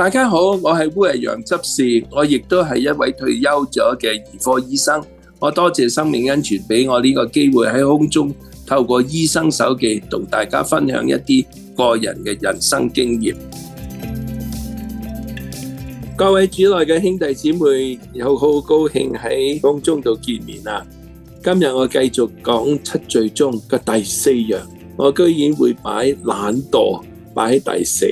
大家好，我係烏羊執事，我亦都係一位退休咗嘅兒科醫生。我多謝生命恩泉俾我呢個機會喺空中透過醫生手記同大家分享一啲個人嘅人生經驗。各位主內嘅兄弟姊妹，有好高興喺空中度見面啦！今日我繼續講七罪宗嘅第四樣，我居然會擺懶惰擺喺第四。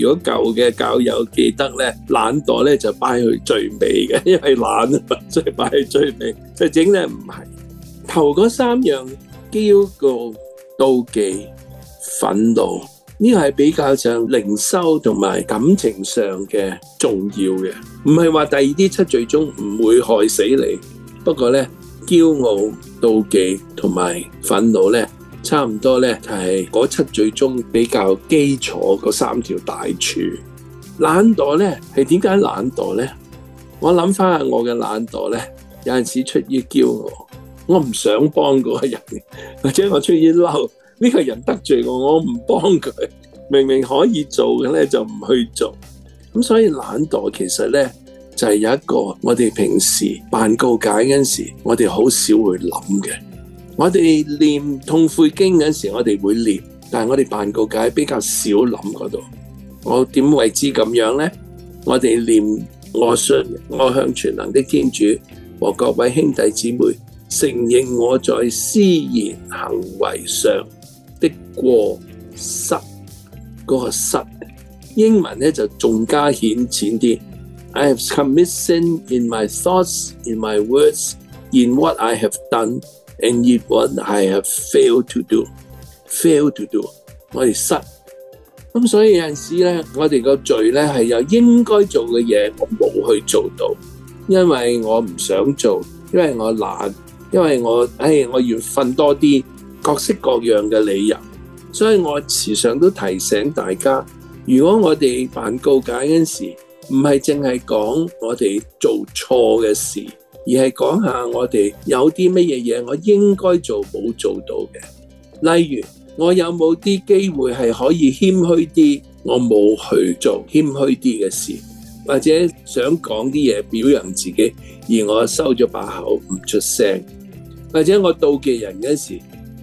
如果舊嘅教友記得咧，懶惰咧就擺去最尾嘅，因為懶啊嘛，所以擺去最尾。但係整呢唔係，頭嗰三樣驕傲、妒忌、憤怒，呢個係比較上靈修同埋感情上嘅重要嘅，唔係話第二啲七罪宗唔會害死你。不過咧，驕傲、妒忌同埋憤怒咧。差唔多咧，就係嗰七罪宗比較基礎嗰三條大柱。懶惰咧，係點解懶惰咧？我諗翻下我嘅懶惰咧，有陣時出於驕傲，我唔想幫嗰個人，或者我出於嬲呢、呢個人得罪我，我唔幫佢。明明可以做嘅咧，就唔去做。咁所以懶惰其實咧，就係、係、有一個我哋平時辦告解嗰陣時，我哋好少會諗嘅。我哋念痛悔經嗰時，我哋會念，但係我哋辦告解比較少諗嗰度。我點為之咁樣呢？我哋念我信，我向全能的天主和各位兄弟姊妹承認我在思言行為上的過失。嗰個失英文咧就仲加顯淺啲。I have committed sin in my thoughts, in my words, in what I have done. and yet what I have failed to do, failed to do，我哋失，咁所以有陣時咧，我哋個罪咧係有應該做嘅嘢，我冇去做到，因為我唔想做，因為我懶，因為我唉，我要瞓多啲，各式各樣嘅理由，所以我時常都提醒大家，如果我哋辦告解嗰陣時，唔係淨係講我哋做錯嘅事。而係講下我哋有啲乜嘢嘢，我應該做冇做到嘅。例如，我有冇啲機會係可以謙虛啲，我冇去做謙虛啲嘅事，或者想講啲嘢表揚自己，而我收咗把口，唔出聲，或者我妒忌人嗰時，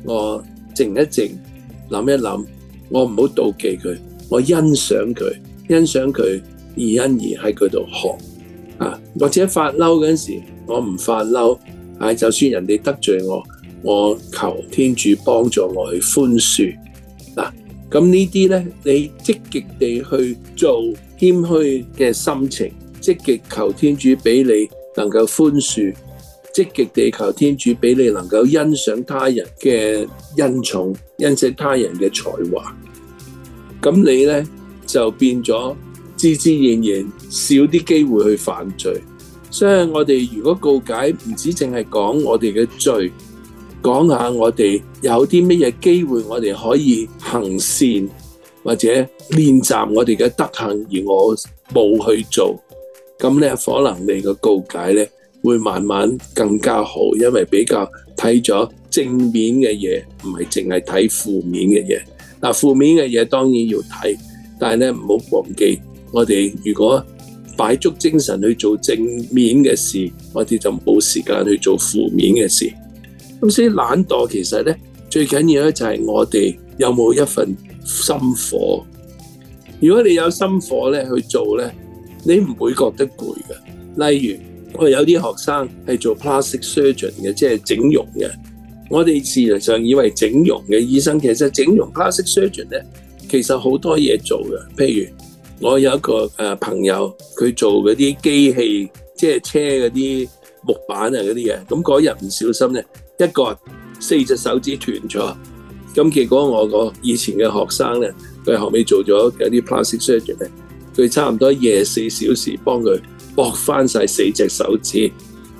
我靜一靜，諗一諗，我唔好妒忌佢，我欣賞佢，欣賞佢而因而喺佢度學。啊，或者發嬲嗰陣時，我唔發嬲，係、啊、就算人哋得罪我，我求天主幫助我去寬恕。嗱、啊，咁呢啲咧，你積極地去做謙虛嘅心情，積極求天主俾你能夠寬恕，積極地求天主俾你能夠欣賞他人嘅恩寵，欣賞他人嘅才華。咁你咧就變咗，自自然然少啲機會去犯罪，所以我哋如果告解，唔止淨係講我哋嘅罪，講下我哋有啲乜嘢機會，我哋可以行善或者練習我哋嘅德行，而我冇去做，咁呢，可能你嘅告解呢會慢慢更加好，因為比較睇咗正面嘅嘢，唔係淨係睇負面嘅嘢。嗱，負面嘅嘢當然要睇，但係咧，唔好忘記。我哋如果擺足精神去做正面嘅事，我哋就冇時間去做負面嘅事。咁所以懶惰其實咧最緊要咧就係我哋有冇一份心火。如果你有心火咧去做咧，你唔會覺得攰嘅。例如我有啲學生係做 plastic surgeon 嘅，即係整容嘅。我哋事實上以為整容嘅醫生其實整容 plastic surgeon 咧，其實好多嘢做嘅，譬如。我有一個朋友，佢做嗰啲機器，即係車嗰啲木板啊嗰啲嘢。咁嗰日唔小心咧，一個四隻手指斷咗。咁結果我個以前嘅學生咧，佢後尾做咗有啲 plastic surgery，佢差唔多廿四小時幫佢駁返晒四隻手指，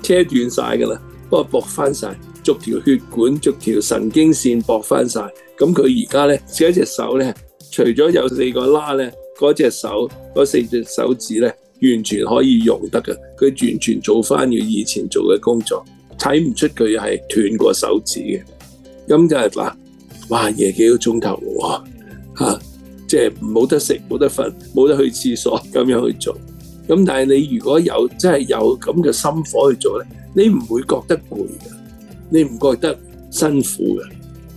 車斷晒㗎啦，不過駁返晒，逐條血管、逐條神經線駁返晒。咁佢而家咧，只一隻手咧，除咗有四個拉咧。嗰隻手嗰四隻手指咧，完全可以用得嘅。佢完全做翻佢以前做嘅工作，睇唔出佢係斷過手指嘅。咁就係話，嗱，哇，夜幾個鐘頭喎，嚇，即係冇得食、冇得瞓、冇得去廁所咁樣去做。咁但係你如果有，即係有咁嘅心火去做咧，你唔會覺得攰嘅，你唔覺得辛苦嘅。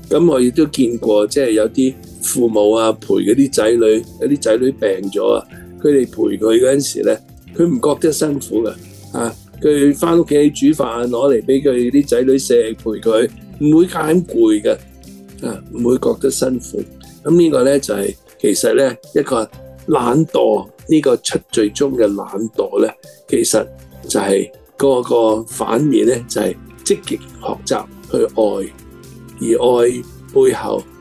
咁我亦都見過，即係有啲。父母啊，陪嗰啲仔女，嗰啲仔女病咗啊，佢哋陪佢嗰陣時咧，佢唔覺得辛苦嘅，啊，佢翻屋企煮飯，攞嚟俾佢啲仔女食，陪佢，唔會揀攰嘅，啊，唔會覺得辛苦。咁呢個咧就係，其實咧一個懶惰，呢個七罪宗嘅懶惰咧，其實就係嗰個反面咧就係積極學習去愛，而愛背後。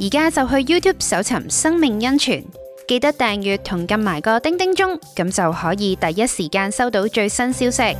而家就去 YouTube 搜尋《生命恩泉》，記得訂閱同撳埋個叮叮鐘，咁就可以第一時間收到最新消息。